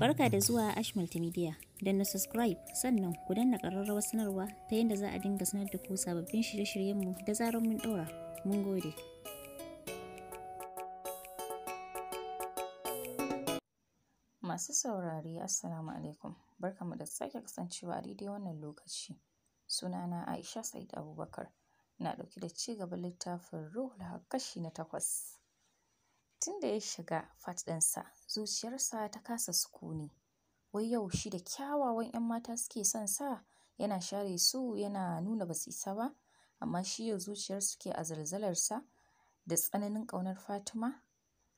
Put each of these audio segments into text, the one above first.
Barka da zuwa Ash Multimedia. Don na subscribe sannan ku danna ƙararrawar sanarwa ta yadda za a dinga sanar da ku sababbin shirye-shiryenmu da zarar mun ɗora. Mun gode. Masu saurari Assalamu alaikum. mu da sake kasancewa a daidai wannan lokaci. Sunana Aisha Said Abubakar. Na ɗauki da ci gaban littafin Ruhul Haq kashi na takwas. Tun da ya shiga fat ɗinsa, zuciyarsa ta kasa sukuni. Wai yau shi da kyawawan 'yan mata suke son sa, yana share su yana nuna basisa ba, amma shi yau zuciyar suke a zalzalarsa da tsananin ƙaunar Fatima.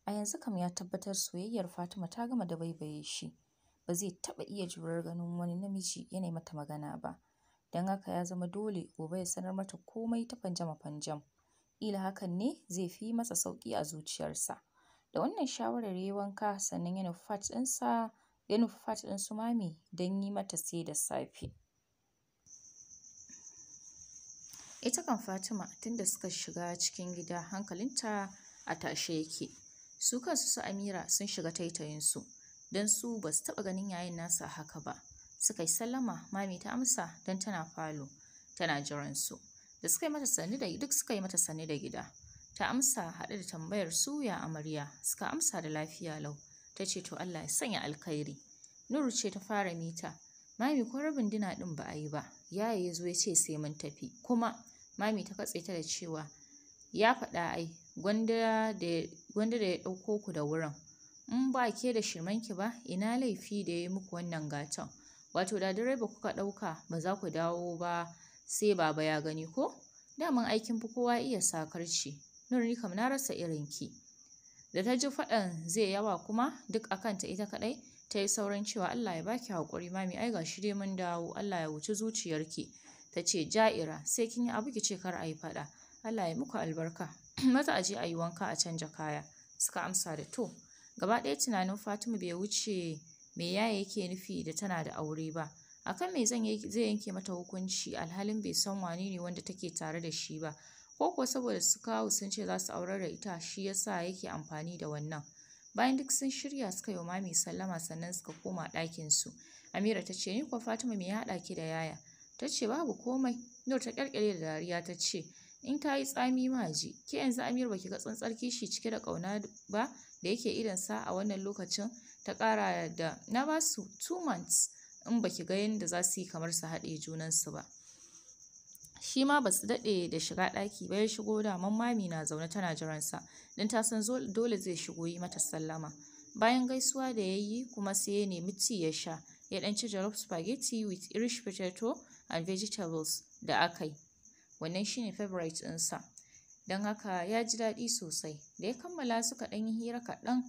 A yanzu kam ya tabbatar soyayyar Fatima ta gama da baibaye shi. Ba zai taɓa iya jurar ganin wani namiji yana mata magana ba. Don haka ya zama dole gobe ya sanar mata komai ta fanjama-fanjam. Ƙila hakan ne zai fi masa sauƙi a zuciyarsa. Da wannan shawarar ya yi wanka sannan ya nufi fat ɗinsa ya nufi fat ɗin su mami don yi mata sai da safe. Ita kan Fatima tunda suka shiga cikin gida hankalinta a tashe yake. Su kansu su Amira sun shiga taitayinsu don su ba su taɓa ganin yayin nasa haka ba. Suka yi sallama mami ta amsa don tana falo tana jiransu. Da suka yi mata sanni da suka yi mata sanni da gida. ta amsa haɗe da tambayar suya ya amarya suka amsa da lafiya lau ta ce to Allah ya sanya alkhairi Nuru ce ta fara mita mami ko rabin dina ɗin ba a yi ba yaya ya zo ya ce sai mun tafi kuma mami ta katse ta da cewa ya faɗa ai gwanda da ya ɗauko ku da wurin in ba ke da shirmanki ba ina laifi da ya yi muku wannan gatan wato da direba kuka ɗauka ba za ku dawo ba sai baba ya gani ko daman aikin fi kowa iya sakarci nur kam na rasa irin ki da ta ji faɗan zai yawa kuma duk akanta ita kaɗai ta yi sauran cewa Allah ya baki haƙuri mami ai gashi dai mun dawo Allah ya wuce zuciyarki ta ce ja'ira sai kin yi abu ki ce kar a yi faɗa Allah ya muku albarka maza a je a yi wanka a canja kaya suka amsa da to gaba ɗaya tunanin Fatima bai wuce me yaya yake nufi da tana da aure ba akan me zan zai yanke mata hukunci alhalin bai san wane ne wanda take tare da shi ba ko kuwa saboda su kawo sun ce za su aurar da ita shi ya sa yake amfani da wannan. Bayan duk sun shirya suka yi wa mami sallama sannan suka koma ɗakin su Amira ta ce, Ni kuwa Fatima me ya haɗa ki da yaya? Ta ce, Babu komai. Nur ta ƙyarƙyare da dariya ta ce, In ta yi tsami ma ji, ke yanzu Amir baki ga tsantsar kishi cike da ƙauna ba da yake idon sa a wannan lokacin ta ƙara da na ba su two months in baki ga yadda za su yi kamar su haɗe junansu ba. shi ma ba su daɗe da shiga ɗaki ba ya shigo da mami na zaune tana jiransa don ta san dole zai shigo yi mata sallama bayan gaisuwa da ya yi kuma sai ya nemi ci ya sha ya ɗan ci jollof spaghetti with irish potato and vegetables da aka yi wannan shine favorite sa don haka ya ji daɗi sosai da ya kammala suka ɗan yi hira kaɗan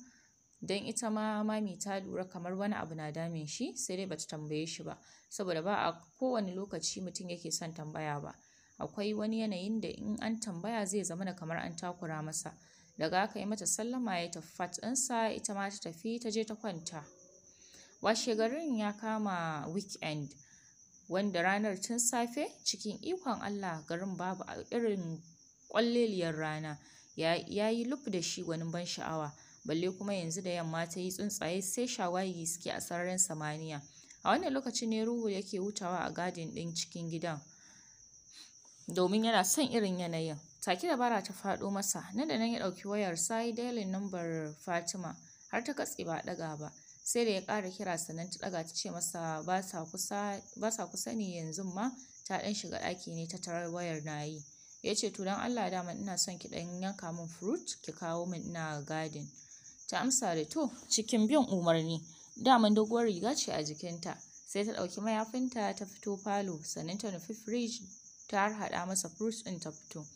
don ita ma mami ta lura kamar wani abu na damin shi sai dai bata tambaye shi ba saboda ba a kowane lokaci mutum yake son tambaya ba akwai wani yanayin da in an tambaya zai zamana kamar an takura masa. Daga haka ya mata sallama ya tafi fat ɗinsa ita ma ta tafi ta je ta kwanta. Washe garin ya kama weekend wanda ranar tun safe cikin ikon Allah garin babu irin ƙwalliliyar rana ya yi lub da shi wani ban sha'awa balle kuma yanzu da yamma ta yi tsuntsaye sai shawagi suke a sararin samaniya. A wannan lokacin ne Ruhu yake hutawa a gadin ɗin cikin gidan. domin yana son irin yanayin. Take da bara ta faɗo masa, nan da nan ya ɗauki wayar sai dailin number Fatima har ta katse ba ɗaga ba. Sai da ya ƙara kira sannan ta ɗaga ta ce masa ba sa kusa, ba sa kusa ne yanzu ma ta ɗan shiga ɗaki ne ta tarar wayar na yi. Ya ce to don Allah dama ina son ki ɗan yanka min fruit ki kawo min ina garden. Ta amsa da to cikin biyan umarni daman doguwar riga ce a jikinta. Sai ta ɗauki mayafinta ta fito falo sannan ta nufi fridge ta harhaɗa masa fruit ɗin ta fito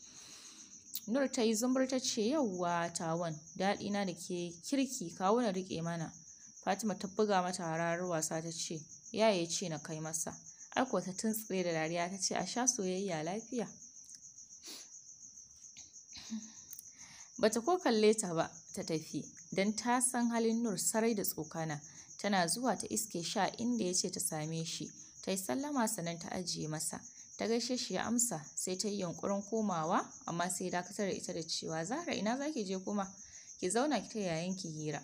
nur ta yi zumbur ta ce yauwa tawon daɗi na da ke kirki kawo na riƙe mana fatima ta buga mata harar wasa ta ce yaye ce na kai masa aiko ta tuntsire da dariya ta ce a sha soyayya lafiya bata ko kalle ta ba ta tafi don ta san halin nur sarai da tsokana tana zuwa ta iske sha inda ya ce ta same shi ta yi sallama sannan ta ajiye masa ta gaishe shi ya amsa sai ta yi yunkurin komawa amma sai dakatar da ita da cewa zahra ina zaki je kuma ki zauna ki ta yayan ki hira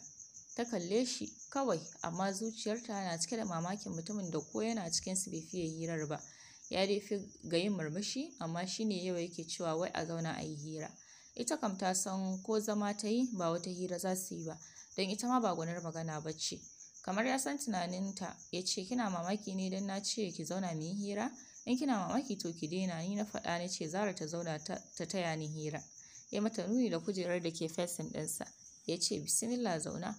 ta kalle shi kawai amma zuciyarta na cike da mamakin mutumin da ko yana cikin su bai fiye hirar ba ya dai fi ga yin murmushi amma shine yawa yake cewa wai a zauna a yi hira ita kam ta san ko zama ta yi ba wata hira za su yi ba don ita ma ba gwanar magana ba ce kamar ya san tunaninta ya ce kina mamaki ne don na ce ki zauna mu yi hira in kina mamaki to ki daina ni na faɗa na ce zara ta zauna ta taya ni hira ya mata nuni da kujerar da ke fesin ɗinsa ya ce bismillah zauna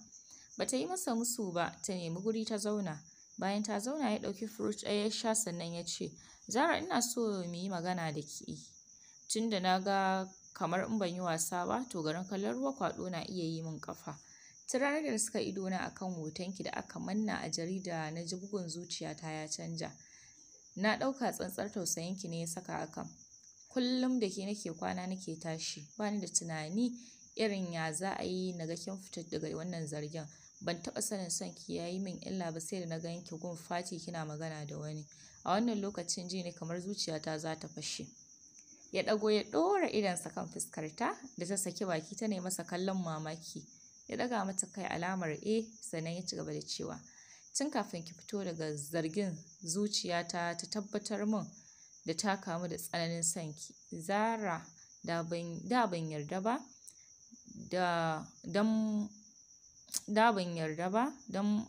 bata yi masa musu ba ta nemi guri ta zauna bayan ta zauna ya ɗauki furut ɗaya ya sha sannan ya ce zara ina so mu yi magana da ki tun da na ga kamar in ban yi wasa ba to garin kallon ruwa kwaɗo na iya yi min ƙafa ta da suka idona akan hotonki da aka manna a jarida na ji bugun zuciyata ya canja Na ɗauka tsantsar tausayin ki ne ya saka kan Kullum da ke nake kwana nake tashi, bani da tunani irin ya za a yi na ga kin fita daga wannan zargin. Ban taɓa sanin son ki ya yi min illa ba sai da na gan ki gun fati kina magana da wani. A wannan lokacin ji ne kamar zuciyata za ta fashe. Ya ɗago ya ɗora idonsa kan fuskarta da ta saki baki ta nemi masa kallon mamaki. Ya ɗaga mata kai alamar eh sannan ya ci gaba da cewa tun kafin ki fito daga zargin zuciyata ta tabbatar min da ta kamu da tsananin son ki zara da ban yarda ba da ban yarda ba dan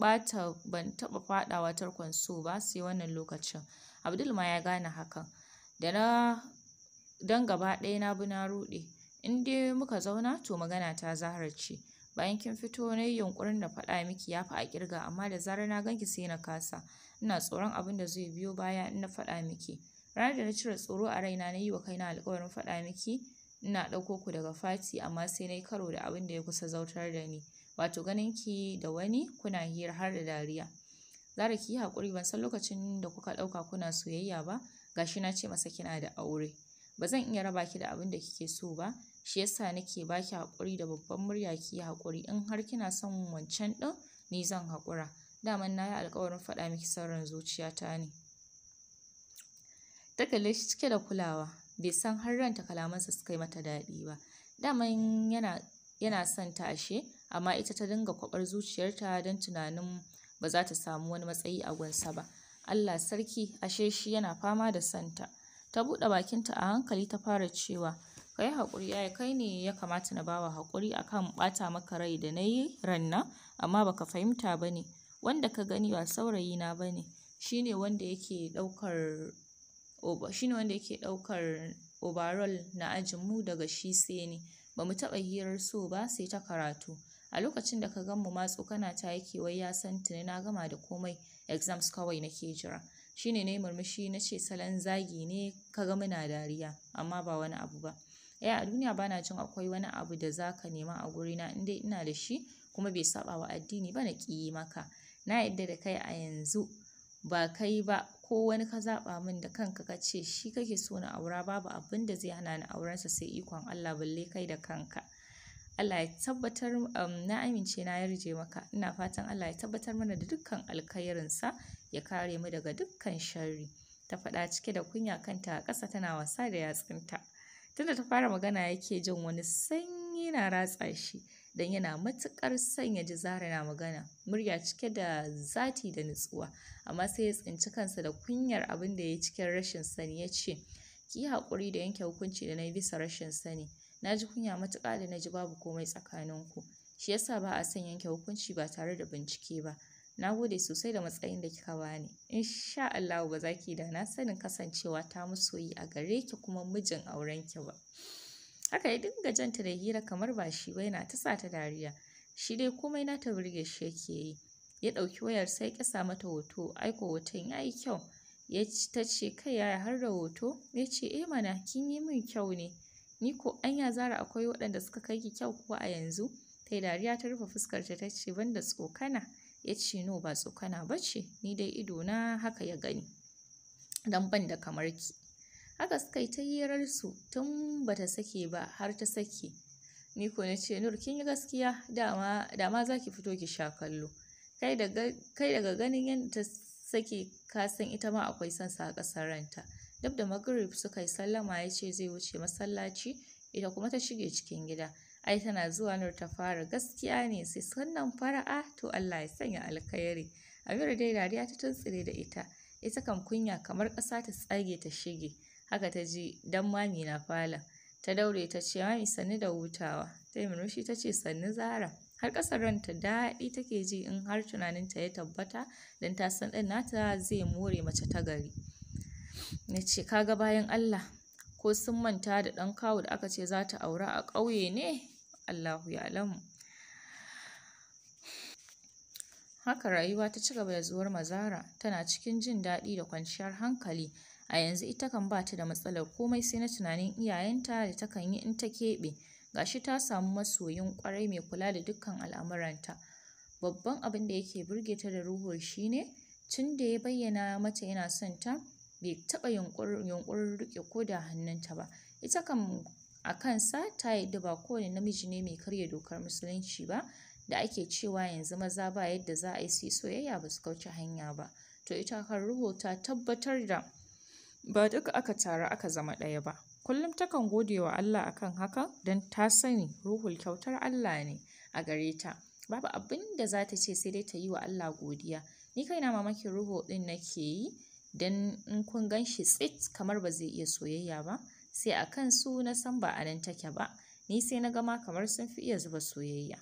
bata ban taɓa faɗawa tarkon so ba sai wannan lokacin abdul ma ya gane hakan da na dan gaba ɗaya na bi na ruɗe in dai muka zauna to magana ta zahar ce bayan kin fito na yi yunƙurin na faɗa miki ya fi a ƙirga amma da zarar na ganki sai na kasa ina tsoron abin da zai biyo baya in na faɗa miki ranar da na cire tsoro a raina na yi wa kaina alƙawarin faɗa miki ina ɗauko ku daga fati amma sai na yi karo da abin da ya kusa zautar da ni wato ganin ki da wani kuna hira har da dariya zara ki yi hakuri ban san lokacin da kuka ɗauka kuna soyayya ba gashi na ce masa kina da aure ba zan iya raba ki da abin da kike so ba shi yasa nake baki haƙuri da babban murya ki yi haƙuri in har kina son wancan ɗin ni zan haƙura daman na yi alƙawarin faɗa miki sauran zuciyata ne ta kalle shi cike da kulawa bai san har ranta kalamansa suka yi mata daɗi ba daman yana yana son ta ashe amma ita ta dinga kwabar zuciyarta don tunanin ba za ta samu wani matsayi a gwansa ba Allah sarki ashe shi yana fama da santa Ta buɗe bakinta a hankali ta fara cewa, ka yi haƙuri yaya kai ne ya kamata na bawa haƙuri kan ɓata maka rai da na yi ranna? amma baka fahimta ba ne. Wanda ka gani ba saurayi na ba ne. Shi ne wanda yake ɗaukar shi ne wanda yake na ajinmu daga shi sai ne Ba mu taɓa hirar so ba sai ta karatu. A lokacin da ka gan mu matso kana ta yake wai ya san tuni na gama da komai exams kawai nake jira. Shine na yi murmushi na ce salon zagi ne ka ga muna dariya amma ba wani abu ba. ya eh, a duniya bana cin akwai wani abu da za ka nema a guri in dai ina da shi kuma bai saɓa wa addini ba na ƙi yi maka. Na yarda da kai a yanzu ba kai ba ko wani ka zaɓa min da kanka ka ce shi kake so na aura babu abin da zai hana ni aurensa sai ikon Allah balle kai da kanka. Allah ya tabbatar, um, na amince na yarje maka. Ina fatan Allah ya tabbatar mana da dukkan alkhairinsa. ya kare mu daga dukkan sharri ta faɗa cike da kunya kanta a ƙasa tana wasa da yatsunta tunda ta fara magana yake jin wani sanyi na ratsa shi dan yana matuƙar son ya ji zara na magana murya cike da zati da nutsuwa amma sai ya tsinci kansa da kunyar abin da ya cikin rashin sani ya ce ki haƙuri da yanke hukunci da na yi bisa rashin sani na ji kunya matuƙa da na ji babu komai tsakaninku shi yasa ba a son yanke hukunci ba tare da bincike ba Na gode sosai da matsayin da kika bani. Insha Allah ba za ki da na sanin kasancewa ta masoyi a gare ki kuma mijin aurenki ba. Haka ya dinga janta da hira kamar ba shi ba yana ta sa ta dariya. Shi dai komai na ta burge shi yake yi. Ya ɗauki wayar sai ƙasa mata hoto, aiko hoton ya yi kyau. Ya ta ce kai yaya har da hoto? Ya ce eh mana kin yi min kyau ne. Ni ko anya zara akwai waɗanda suka kai ki kyau kuwa a yanzu? Ta dariya ta rufe fuskarta ta ce banda tsokana. ya ce no ba tsokana ba ce ni dai ido na haka ya gani don ban da kamar ki haka suka yi ta hirarsu tun ba ta sake ba har ta sake ni ko na ce nur kin yi gaskiya dama dama za ki fito ki sha kallo kai daga ganin yadda ta sake kasan ita ma akwai son a ƙasar ranta duk da magrib suka yi sallama ya ce zai wuce masallaci ita kuma ta shige cikin gida ai tana zuwa nur ta fara gaskiya ne sai sannan fara'a to Allah ya sanya alkhairi Amira dai dariya ta tuntsire da ita ita kam kunya kamar ƙasa ta tsage ta shige haka ta ji dan mami na falon ta daure ta ce mami sanni da hutawa ta murmushi ta ce sanni zara har ƙasar ranta daɗi take ji in har tunaninta ya tabbata don ta san ɗin nata zai more mace ta gari na ce kaga bayan Allah ko sun manta da ɗan kawo da aka ce za ta aura a ƙauye ne Allahu ya Haka rayuwa ta ci gaba da zuwar mazara tana cikin jin daɗi da kwanciyar hankali. A yanzu ita kan ba ta da matsalar komai sai na tunanin iyayenta da ta kan yi in ta keɓe. Ga shi ta samu masoyin ƙwarai mai kula da dukkan al'amuranta. Babban abin da yake burge ta da ruhu shi ne tun da ya bayyana mata yana son ta bai taɓa yunƙurin riƙe ko da hannunta ba. Ita kam a kansa ta yadda ba kowane namiji ne mai karya dokar musulunci ba da ake cewa yanzu maza ba yadda za a yi su soyayya ba su kauce hanya ba to ita kan ruho ta tabbatar da ba duka aka taru aka zama ɗaya ba kullum takan gode wa Allah akan haka don ta sani ruhul kyautar Allah ne a gare ta babu abin da za ta ce sai dai ta yi wa Allah godiya ni kai na mamakin ruhu ɗin nake yi don in kun gan shi tsit kamar ba zai iya soyayya ba sai a kan su na san ba a nan take ba ni sai na gama kamar sun fi iya zuba soyayya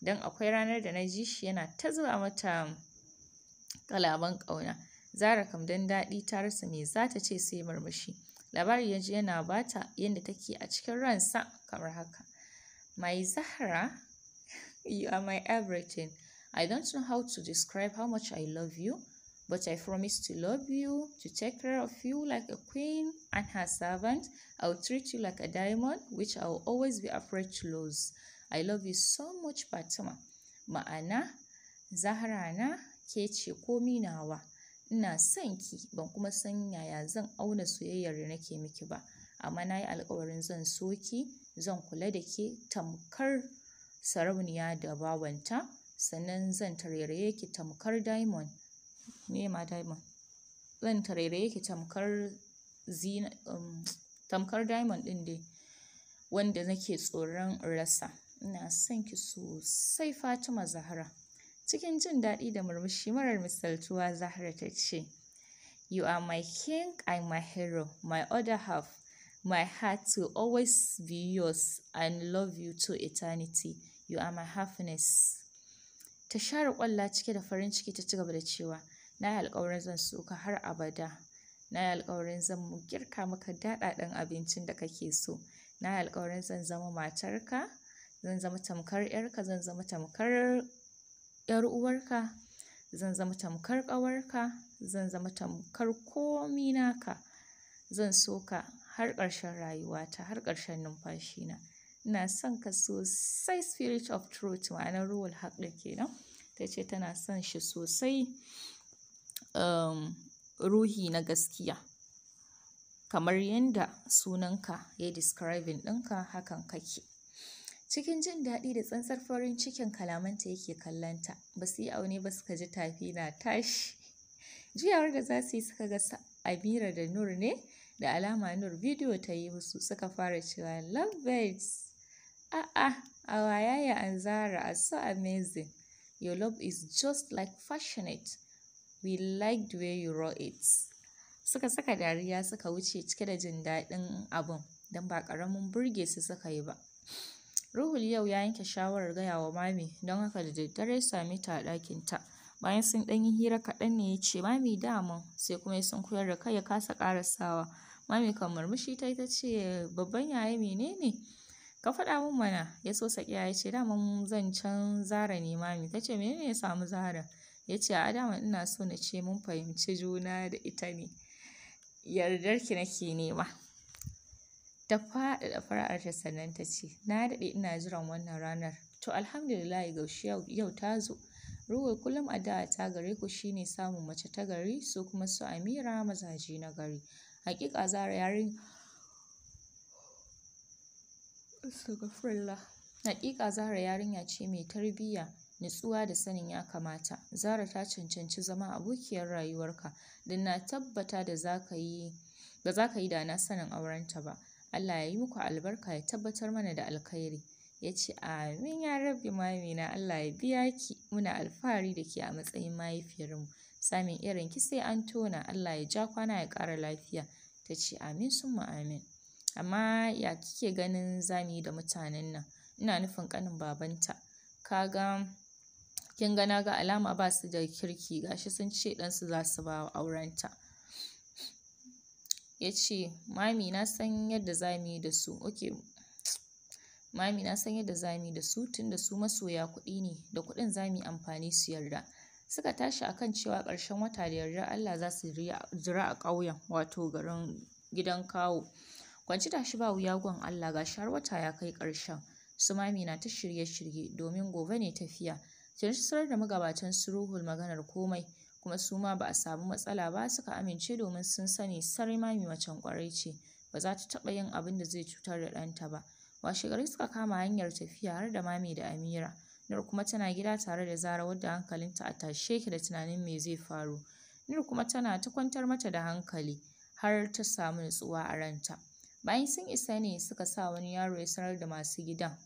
don akwai ranar da na ji shi yana ta zuba mata kalaban ƙauna zara kam don daɗi ta rasa me za ta ce sai murmushi labari ya ji yana bata yadda take a cikin ransa kamar haka my zahra you are my everything i don't know how to describe how much i love you But I promise to love you, to take care of you like a queen and her servant. I will treat you like a diamond, which I will always be afraid to lose. I love you so much, Fatima. Ma'ana, Zahra na ke ce komi nawa. Ina son ki, ban kuma san yaya zan auna soyayyar da nake miki ba. Amma na yi alkawarin zan so ki, zan kula da ke tamkar sarauniya da bawanta, sannan zan tarairaye ki tamkar diamond. Zan ma diamond? zan tarere yake tamkar zina, um, diamond ɗin dai wanda nake tsoron rasa. Ina son ki sosai Fatima Zahra. Cikin jin daɗi da murmushi marar misaltuwa Zahra ta ce, You are my king, I'm my hero, my other half. My heart will always be yours and love you to eternity. You are my happiness. ta share kwalla cike da farin ciki ta cigaba da cewa na yi alƙawarin zan so ka har abada na yi alƙawarin zan girka maka daɗaɗɗen abincin da kake so na yi alƙawarin zan zama matarka zan zama tamkar yarka zan zama tamkar yar uwarka zan zama tamkar ƙawarka zan zama tamkar komi naka zan so ka har ƙarshen rayuwata har ƙarshen numfashina ina son ka sosai spirit of truth ma'anar ruwal haɗe ke kenan ta ce tana son shi sosai um, ruhi na gaskiya kamar yadda sunanka ya describing ɗinka hakan kake cikin jin daɗi da tsantsar farin cikin kalamanta yake kallanta ba su yi aune ba suka ji tafi na tashi jiyawar da za su yi suka ga amira da nur ne da alama nur bidiyo ta yi musu suka fara cewa love birds A'a, ah, our Yaya and Zara are so amazing. Your love is just like passionate. We like the way you roll it. Suka saka dariya suka wuce cike da jin daɗin abun don ba ƙaramin burge su suka yi ba. Ruhul yau ya yanke shawarar gaya wa Mami don haka da daddare sami ta ɗakin ta Bayan sun ɗan yi hira kaɗan ne ya ce, Mami daman sai kuma ya sun koyar da kai ya kasa ƙarasawa. Mami kan murmushi ta ita ce, babban yaya menene? ka faɗa min mana ya so sakiya ya ce zan can zara ne mami ta ce menene ya samu zara ya ce a dama ina so na ce mun fahimci juna da ita ne ki nake nema ta faɗaɗa fara'arta sannan ta ce na daɗe ina jiran wannan ranar to alhamdulillah gaushe yau ta zo ruwar kullum addu'a ta gare ku shine samun mace ta gari su kuma su amira mazaje na gari hakika zara yarin Astaghfirullah. Haƙiƙa Zahra yarinya ce mai tarbiyya, nutsuwa da sanin ya kamata. Zahra ta cancanci zama abokiyar rayuwarka da na tabbata da za ka yi ba za yi da na sanin aurenta ba. Allah ya yi muku albarka ya tabbatar mana da alkhairi. Ya ce, Amin ya rabbi na Allah ya biya ki muna alfahari da ke a matsayin mahaifiyarmu. Samin irin ki sai an tona Allah ya ja kwana ya ƙara lafiya. Ta ce, Amin sun amin. Amma ya kike ganin za yi da mutanen nan? Ina nufin ƙanin babanta. Ka kin ga na ga alama ba su da kirki gashi sun ce ɗansu za su ba aurenta. Ya ce, "Mami na san yadda za yi da su." Ok. Mami na san yadda za yi da su tunda su masoya kuɗi ne, da kuɗin za amfani su yarda. Suka tashi akan cewa ƙarshen wata da yarda Allah za su jira a ƙauyen wato garin gidan kawo. kwanci tashi ba wuya gun Allah gashi har wata ya kai ƙarshen su mami na ta shirye-shirye domin gobe ne tafiya tun sarar da magabatan su ruhul maganar komai kuma su ma ba a samu matsala ba suka amince domin sun sani sarai mami macen kwarai ce ba za ta taɓa yin abin da zai cutar da ɗanta ba washe gari suka kama hanyar tafiya har da mami da amira nur kuma tana gida tare da zara wadda hankalinta a tashe ki da tunanin me zai faru nur kuma tana ta kwantar mata da hankali har ta samu nutsuwa a ranta Bayan sun isa ne suka sa wani yaro ya sanar da masu gidan.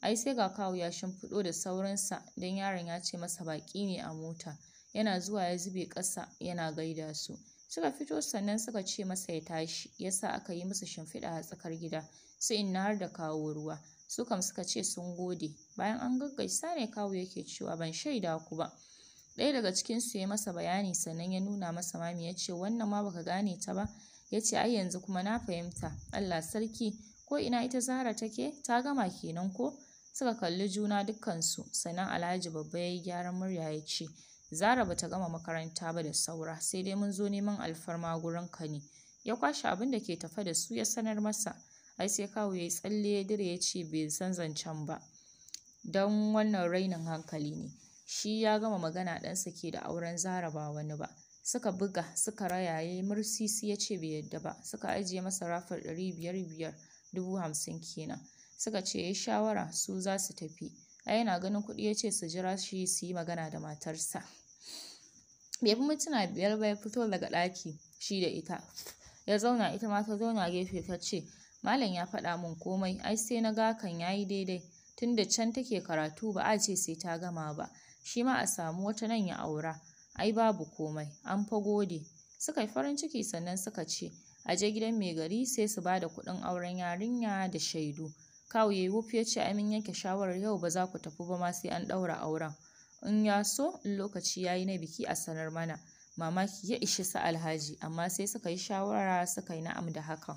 Ai sai ga kawu ya shimfiɗo da saurinsa don yaron ya ce masa baƙi ne a mota. Yana zuwa ya zube ƙasa yana gaida su. Suka fito sannan suka ce masa ya tashi, ya sa aka yi musu shimfiɗa a tsakar gida, su inna har da kawo ruwa. Su kam suka ce sun gode. Bayan an gaggaisa ne kawu yake cewa ban shaida ku ba. Ɗaya daga cikinsu ya masa bayani sannan ya nuna masa mami ya ce wannan ma baka gane ta ba. Ya ce ai yanzu kuma na fahimta, Allah sarki, ko ina ita zara take, ta gama kenan ko? Suka kalli juna dukkansu, sannan Alhaji babba ya yi gyaran murya ya ce, Zara ba ta gama makaranta ba da saura, sai dai mun zo neman alfarma gurin ka ne. Ya kwashe abin da ke tafa da su ya sanar masa, ai sai kawo ya yi tsalle ya dire ya ce bai san zancen ba. Don wannan rainin hankali ne, shi ya gama magana ɗansa ke da auren Zara ba wani ba. suka buga suka raya, rayaye mursisi ya ce bai yadda ba suka ajiye masa rafar ɗari biyar biyar dubu hamsin kenan suka ce ya shawara su za su tafi a yana ganin kuɗi ya ce su jira shi su yi magana da matarsa bai fi mintuna biyar ba ya fito daga ɗaki shi da ita ya zauna ita ma ta zauna gefe ta ce malam ya faɗa min komai ai sai na gakan ya yi daidai tun da can take karatu ba a ce sai ta gama ba shi ma a samu wata nan ya aura ai babu komai an fa gode suka yi farin ciki sannan suka ce a je gidan mai gari sai su bada kuɗin auren yarinya da shaidu kawu yayi wuf ya ce amin yanke shawarar yau ba za ku tafi ba ma sai an ɗaura auren in ya so in lokaci yayi na biki a sanar mana mamaki ya ishi su alhaji amma sai suka yi shawara suka yi na'am da hakan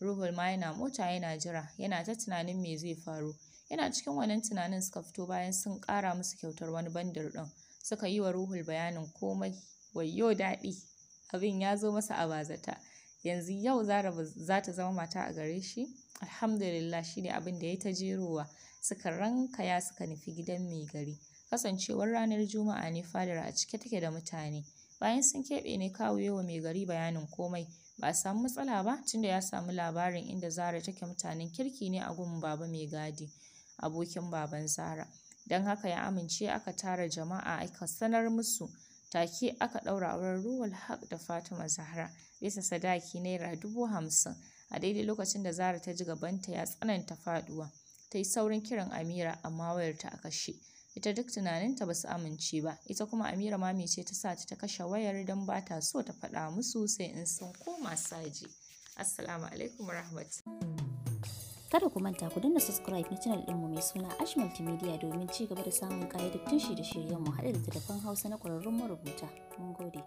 ruhul ma yana mota yana jira yana ta tunanin me zai faru yana cikin wannan tunanin suka fito bayan sun ƙara musu kyautar wani bandir ɗin suka yi wa Ruhul bayanin komai. Wayyo daɗi! Abin ya zo masa a bazata. Yanzu yau Zara za ta zama mata a gare shi? Alhamdulillah shi ne abin da ya ta jerowa. Suka ranka ya suka nufi gidan mai gari. Kasancewar ranar Juma'a ne fadar a cike take da mutane. Bayan sun keɓe ne kawo yawa mai gari bayanin komai. Ba a samu matsala ba tunda ya samu labarin inda Zara take mutanen kirki ne a gun baba mai gadi. abokin baban Zara. don haka ya amince aka tara jama'a aka sanar musu take aka ɗaura auren Ruwal haq da fatima zahra bisa sadaki naira dubu hamsin a daidai lokacin da zara ta ji gabanta ya tsananta faduwa ta yi saurin kiran amira amma wayarta a kashe ita duk tunaninta ba su amince ba ita kuma amira mami ce ta sa ta kashe wayar don ba ta so ta faɗa musu sai in sun koma saji assalamu alaikum warahmatullahi Kada ku manta ku dinna subscribe na channel dinmu mai suna Ash Multimedia domin ci gaba da samun ƙayyadattun shirye-shiryenmu haɗe da telefon Hausa na ƙwararrun marubuta. Mun gode.